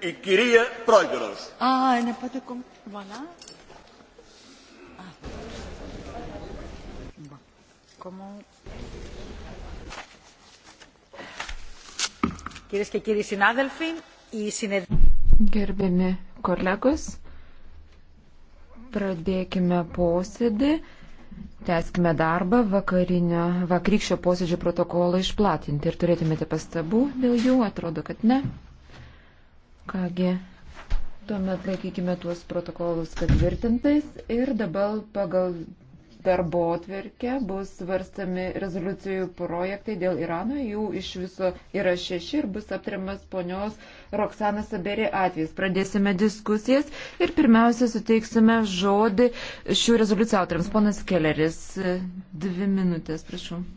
η κυρία Πρόεδρος. Α, είναι πάτε κομμ... Βαλά. Comment... Κυρίες και κύριοι συνάδελφοι, η συνεδρία... Gerbiami kolegos, pradėkime posėdį, tęskime darbą, vakarinio, vakrykščio posėdžio protokolą išplatinti. Ir turėtumėte pastabų dėl jų, atrodo, kad ne. Kągi, tuomet laikykime tuos protokolus patvirtintais ir dabar pagal darbo atverkę bus svarstami rezoliucijų projektai dėl Irano, jų iš viso yra šeši ir bus aptariamas ponios Roksanas Saberi atvejs. Pradėsime diskusijas ir pirmiausia suteiksime žodį šių rezoliucijų autoriams. Ponas Kelleris, dvi minutės, prašau.